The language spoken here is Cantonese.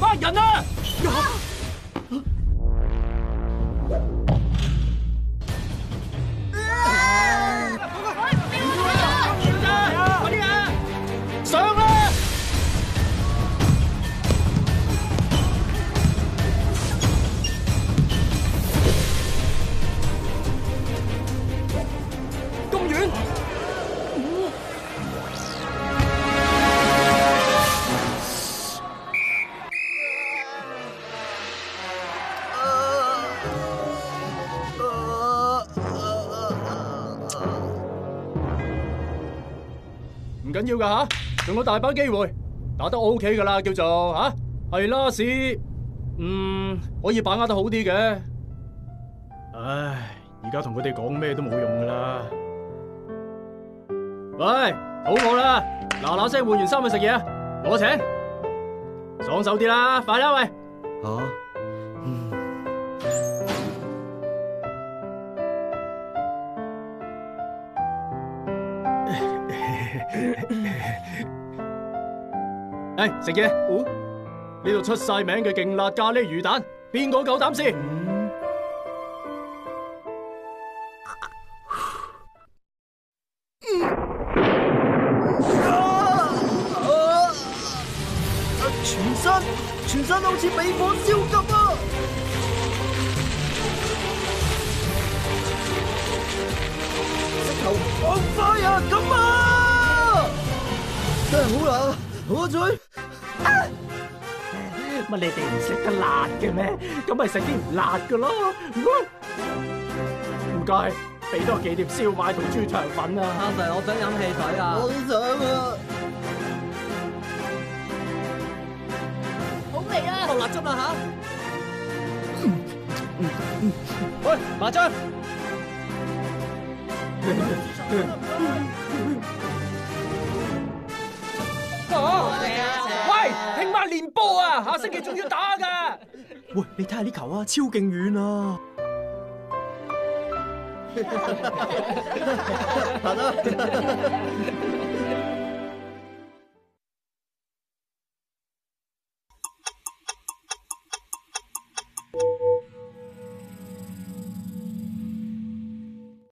乜人啊？啊！快啲啊！上啦！咁遠。唔緊要噶吓，仲有大把機會，打得 O K 噶啦，叫做吓係囉屎，嗯，可以把握得好啲嘅。唉，而家同佢哋講咩都冇用噶啦。喂，肚餓啦，嗱嗱聲換完衫去食嘢啊，我請，爽手啲啦，快啦喂。哎，食嘢？呢度出晒名嘅勁辣咖喱魚蛋，邊個夠膽先？全身，全身好似被火燒咁啊！石頭好快啊，i 咁啊！好辣，我再。乜你哋唔食得辣嘅咩？咁咪食啲唔辣嘅咯。唔該，唔該，俾多幾碟燒賣同豬腸粉啊。阿 Sir，我想飲汽水啊。我想啊。好味啊！落辣汁啦吓。嗯嗯，喂，麻雀。下星期仲要打㗎！喂，你睇下呢球啊，超勁遠啊！好的。